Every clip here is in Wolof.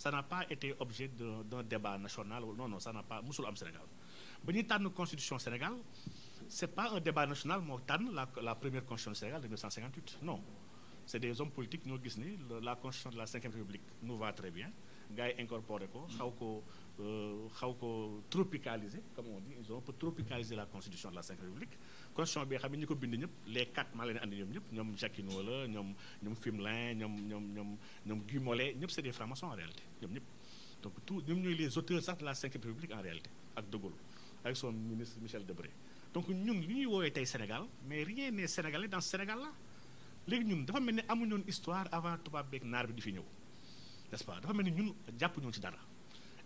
ça n'a pas été national non non ça n'a am Sénégal ba ñuy tànn constitution Sénégal c'est pas un débat national moo la la première constitution du ñoo gis ni la constitution de la cinquième république nous va gars yi incorporé ko xaw ko euh, xaw ko tropicaliser comme on dit ils ont un peu tropicalisé la constitution de la cinquième république constitution bi xam ne ñi ko bind ñëpp les quatre maa leen andi ñoom ñëpp ñoom Jacquinot la ñoom ñoom ñoom ñoom ñoom ñoom Guy ñëpp c'est des francs-maçons en ñoom ñëpp donc tout ñoom ñooy les auteurs sax de la cinquième république en réalité ak De Gaulle avec son ministre Michel Debré donc ñun li woowee tey Sénégal mais rien n'est sénégalais dans ce léegi ñun dafa mel ni amuñoon histoire avant tubaab beeg naar bi di fi ñëw n'est-ce pas dafa mel ni ñun jàpp ñu ci dara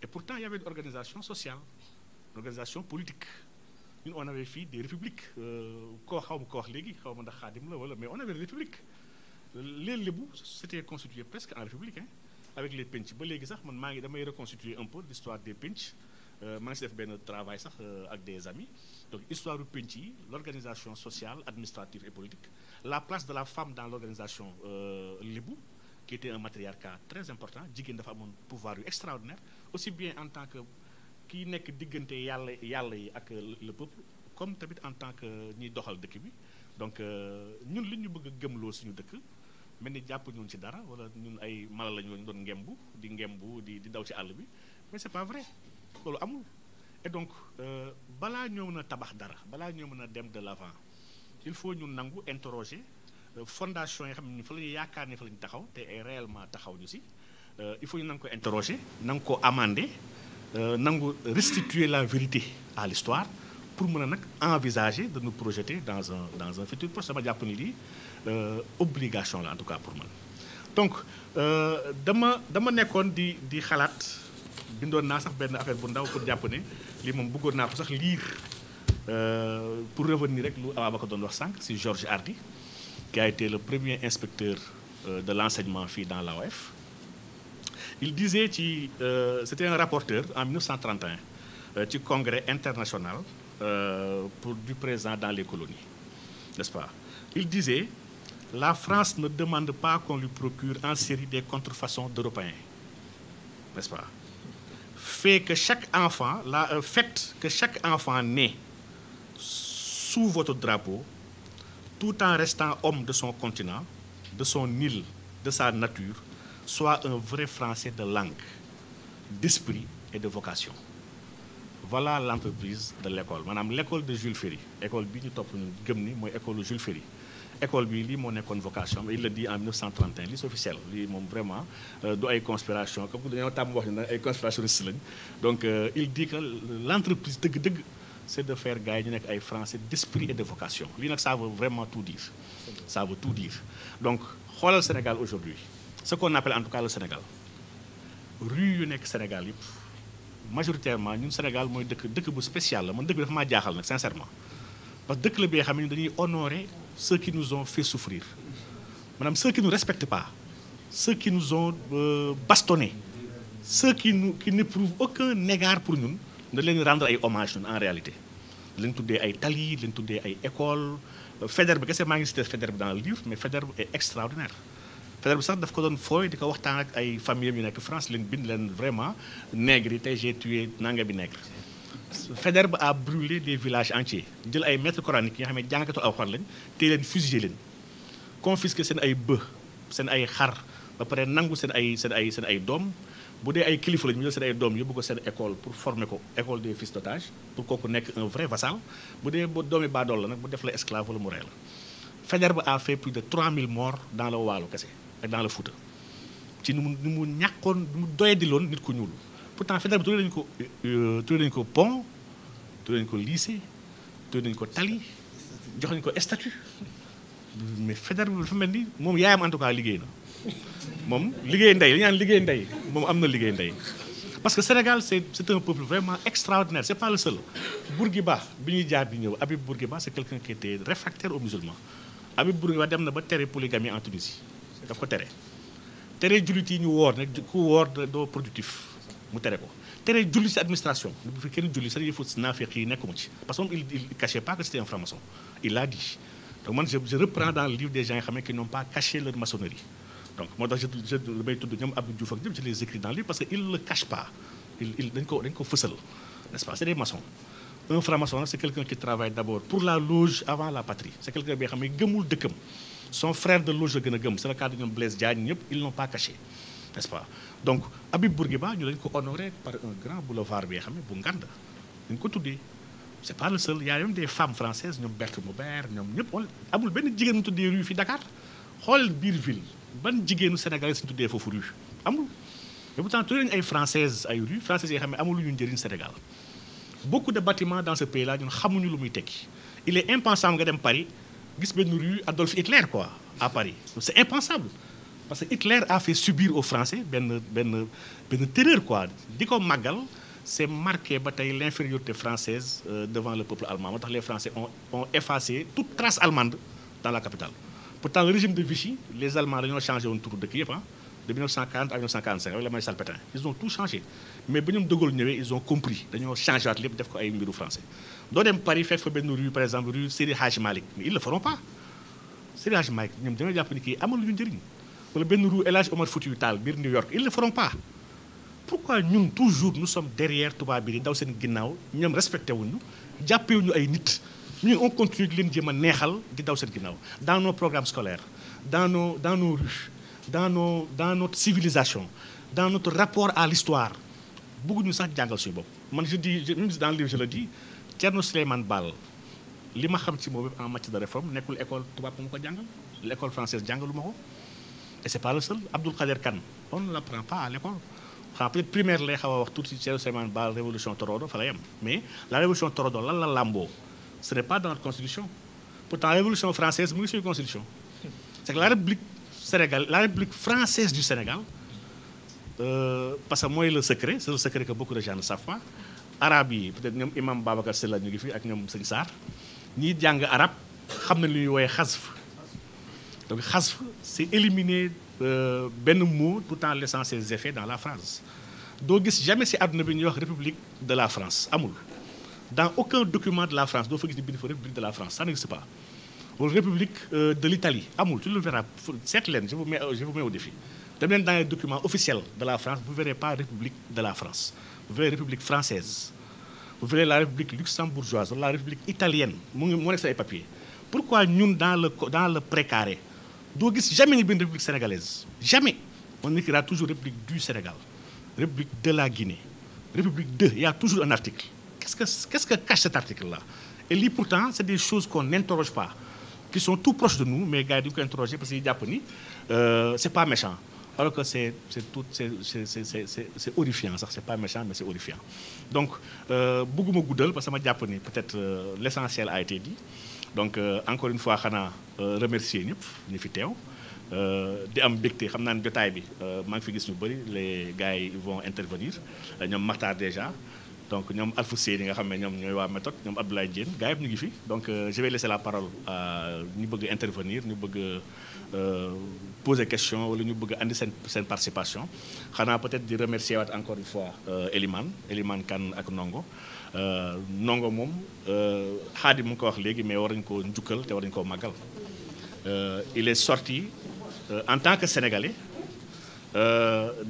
et pourtant il y avait organisation sociale une organisation politique ñun on avait fii des républiques euh, koo xaw ma ko léegi xaw ma ndax xaadim la wala mais on avait des républiques les lébu c'était constitué presque en république hein avec les penc ba léegi sax man maa ngi damay reconstituer un peu l'histoire des penc euh, maa ngi si def benn travail sax euh, ak des amis donc histoire du penc yi l'organisation sociale administrative politique la place de la femme dans l'organisation lébu qui était un matriarcat très important jigéen dafa amoon pouvoir yu extraordinaire aussi bien en tant que kiy nekk diggante yàlla yàlla yi ak le peuple comme tamit en tant que ñuy doxal dëkk bi donc euh, ñun li ñu bëgg a suñu dëkk mel ni jàpp ñun ci dara wala ñun ay mala la ñu doon ngembu di ngembu di di daw ci àll bi mais c'est pas vrai loolu amul et donc euh, balaa ñoo mën a tabax dara balaa ñoo mën a dem de l'avant il faut ñun nangu interroger fondation yi xam ne fa la ñuy yaakaar ne fa la taxaw te ay taxaw ñu si euh, il faut ñu nangu ko interroger nangu ko amender euh, nangu restituer la vérité à l'histoire pour mën a nag envisager de nous projeter dans un dans un futur proche dama jàpp ni lii euh, obligation la en tout cas pour man donc dama dama nekkoon di di xalaat bindoon naa sax benn affaire bu ndaw pour jàpp ne lii moom bëggoon naa ko sax lire pour revenir rek lu Ababacar doon wax sànq si Georges Hardy qui a été le premier inspecteur euh, de l'enseignement fii dans l'AOF il disait ci euh, c'était un rapporteur en 1931 euh, ci congrès international pour du présent dans les colonies n'est-ce pas il disait la France ne demande pas qu'on lui procure en série des contrefaçons d'Européens n'est-ce pas fait que chaque enfant la euh, que chaque enfant né sous votre drapeau tout en restant homme de son continent, de son île, de sa nature, soit un vrai Français de langue, d'esprit et de vocation. Voilà l'entreprise de l'école. maanaam l'école de Jules Ferry école bi ñu topp ñu gëm ni mooy école Jules Ferry école bi lii moo nekkoon vocation mais il le dit en 1931 lii c'est officiel lii moom vraiment euh, du ay conspiration comme dañoo tàmm wax ne ay conspirationnistes lañ donc euh, il dit que l'entreprise dëgg-dëgg c'est de faire gars yi ñu nekk ay français d'esprit et de vocation lii nag saa veut vraiment tout dire ça veut tout dire donc xoolal Sénégal aujourd'hui ce qu'on appelle en tout cas le Sénégal rue yu nekk Sénégal yëpp majoritairement ñun Sénégal mooy dëkk dëkk bu spécial la man dëkk bi dafa maa jaaxal nag sincèrement parce que dëkk la bi nga xam ne dañuy honorer ceux qui nous ont fait souffrir maanaam ceux qui nous respectent pas ceux qui nous ont euh, bastonné ceux qui nous dañ leen rendre ay hommage ñun en réalité leen tuddee ay tali leen tuddee ay école Faidherbe bi kese maa ngi cité Faidherbe dans le livre mais Faidherbe est extraordinaire Faidherbe sax daf ko doon fooy di ko waxtaan ak ay famille yu nekk France leen bind leen vraiment nègre yi te j'ai tué nanga bi nègre bi a brûlé des villages entiers jël ay maîtres coraniques yi nga xam ne jàngkatu Alxuraan lañ tey leen fusillé leen confisqué seen ay bë seen ay xar ba nangu seen ay seen ay seen ay doom bu dee ay kilifa lañu ñu jël seen ay doom yóbbu ko seen école pour former ko école des fils d'otage pour kooku nekk un vrai vassal bu dee ba doomi baadool la nag mu def la esclave wala mu rey la Faidherbe a fait plus de 3000 morts dans le Waalo kese ak dans le Fouta ci nu mu nu mu ñàkkoon nu mu doyadiloon nit ku ñuul pourtant Faidherbe tuddee nañu ko euh, euh, tuddee nañ ko pont tuddee nañu ko lycée tuddee nañ ko tali jox nañu ko statut mais Faidherbe dafa mel ni moom yaayam en tout cas liggéey na moom liggéey ndey ñaan liggéey ndey moom am na liggéey ndey parce que Sénégal c'est c'est un peuple vraiment extraordinaire c'est pas le seul Bourguiba bi ñuy jaar bi ñëw Habib Bourguiba c'est quelqu'un qui était réfractaire aux musulmans Habib Bourguiba dem na ba tere polygamie en Tunisie daf ko tere tere jullit yi ñu woor nag ku woor doo productif mu tere ko tere julli ci administration bu fi kenn julli sa yëfu naafeq yi nekkuma ci parce moom il il cachait pas que c'était un xam ne qui n'ont donc moo tax je je damay tudd ñoom Abdou Diouf ak ñoom je les écris dans le livre parce que ils le cachent pas il dañ ko dañ nest pas c'est des maçons un franc nag c'est quelqu'un qui travaille d'abord pour la loge avant la patrie c'est quelqu'un bi nga xam gëmul dëkkam son frère de loge la gën a gëm c'est le cas de ñoom Blaise Diagne ñëpp ils l'ont pas caché nest pas donc Habib Bourguiba ñu dañ ko honoré par un grand boulevard bi nga xam ne bu ngand dañ ko tuddee c'est pas le seul il y a même des femmes ban jigéenu Sénégal yi suñu tuddee foofu rue amul mais pourtant tuddee ay française ay rue française yi xam ne amul lu ñu njëriñ Sénégal beaucoup de bâtiments dans ce pays là ñun xamuñu lu muy tekki il est impensable nga dem Paris gis benn rue Adolphe Hitler quoi à Paris c'est impensable parce que Hitler a fait subir aux Français benn benn benn terreur quoi di ko màggal c'est marqué ba tey l'infériorité française euh, devant le peuple allemand moo tax les Français on ont effacé toute trace allemande dans la pourtant le régime de Vichy les Allemands dañoo changé woon tur dëkk yëpp ah de 1940 à 1945 avec le maréchal Pétain ils ont tout changé mais ba ñoom de Gaulle ñëwee ils ont compris dañoo changé waat lépp def ko ay mbiru français doo dem Paris fekk fa benn rue par exemple rue Seydi Hadji Malick mais ils le feront pas Seydi Hadji Malick ñoom dañoo jàpp ni kii amaluñu njëriñ wala benn rue El Hadj Omar Foutiyou biir New York ils le feront pas pourquoi ñun toujours nous sommes derrière ñun on continue di leen jéem a neexal di daw seen ginnaaw dans nos programme scolaires dans nos dans noo rues dans nos dans notre civilisation dans notre rapport à l'histoire bëgguñu sax jàngal suñu bopp man je dis même dans le livre je le di Thierno Souleymane Baal li ma xam ci moom en matière de réforme nekkul école tubaab ma ko jàngal l'école française jàngalu ma ko et c'est pas le seul Abdoul Khader Kane on ne l'apprend pas à l'école primaire lay xaw a wax tuuti Thierno Souleymane Baal révolution fa lay am mais la révolution lan la làmboo ce n'est pas dans notre constitution pourtant révolution française mu ngi suñu constitution c'est que la république sénégal la république française du sénégal euh, parce que mooy le secret c'est le secret que beaucoup de gens ne savent pas arabe yi peut-être ñoom imam babacar Sylla ñu ngi fi ak ñoom sëñ Sarr ñiy jàng arab xam na lu ñuy woowee xasf donc éliminer euh, benn mot tout en laissant ses effets dans la phrase doo gis jamais si àdduna bi ñuy wax république de la France amul dans aucun document de la France doo fa gis ni bind fa république de la France ça n'existe pas wala république euh, de l'Italie amul tu le verras seet leen je vous mets euh, je vous mets au défi dem leen dans les documents officiels de la France vous verrez pas république de la France vous verrez république française vous verrez la république luxembourgeoise la république italienne mu ngi moo nekk sa ay pourquoi ñun dans le le précaré doo gis jamais nga bind république sénégalaise jamais on écrira toujours république Sénégal république la Guinée république de il y a toujours un qu'est-ce que, qu'est-ce que cache cet article-là Et lii pourtant, c'est des choses qu'on n'interroge pas, qui sont tout proches de nous, mais gars yi duñu ko interroger parce que jàpp ni euh, c'est pas méchant. alors que c'est c'est tout c'est c'est c'est horrifiant sax c'est pas méchant mais c'est horrifiant donc euh, bëgguma guddal parce que ma jàpp ni peut-être euh, l'essentiel a été dit donc encore une fois xanaa remercier ñëpp ñu fi teew di am mbégte xam naa ne jotaay bi maa ngi fi gis ñu bari les gars yi von intervenir ñoom Makhtar déjà donc ñoom Alfoussé yi nga xam ne ñoom ñooy waa méthode ñoom Abdoulaye Diène gars ñu ngi fi donc euh, je vais laisser la parole à ñu bëgg intervenir ñu bëgg euh, poser question wala ñu bëgg indi seen seen participation xanaa peut-être di remercier waat encore une fois euh, Elimane Elimane Kane ak Ndongo Ndongo moom xaadi mu ngi ko wax léegi mais war nañu koo njukkal te war nañu koo màggal il est sorti en tant que sénégalais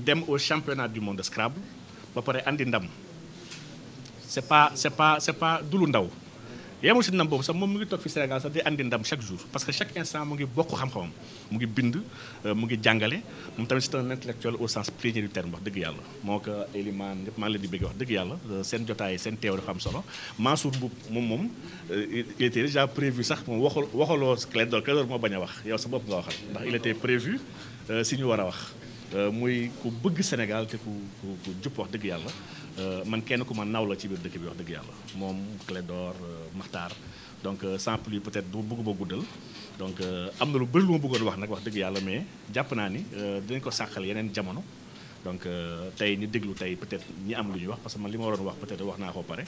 dem au championnat du monde de ba pare indi ndam c'est pas c'est pas c'est pas du lu ndaw yemul si ndam boobu sax moom mu ngi toog fi Sénégal sax di andi ndam chaque jour parce que chaque instant mu ngi bokk xam-xamam mu ngi bind euh, mu ngi jàngale moom tamit c'est un intellectuel au sens premier du terme wax dëgg yàlla moo ko Eliman ñëpp maa leen di bëgg wax dëgg yàlla euh, seen jotaay seen teew dafa am solo Mansour Mboup moom moom euh, il était déjà prévu sax moom waxul waxaloo Clédor Clédor moo bañ a wax yow sa bopp nga waxal ndax si ñu war a wax muy ku bëgg Sénégal te ku ku wax dëgg yàlla Euh, man kenn ku ma naw la ci biir dëkk bi wax dëgg yàlla moom Clédor euh, Maxtaar donc euh, sans plus peut-être du bëgg ba guddal donc am na lu bëri lu ma bëggoon wax nag wax dëgg yàlla mais jàpp naa ni dinañ ko sàqal yeneen jamono donc tey ñu déglu tey peut-être ñi am lu ñuy wax parce que man li ma waroon wax peut wax naa ko pare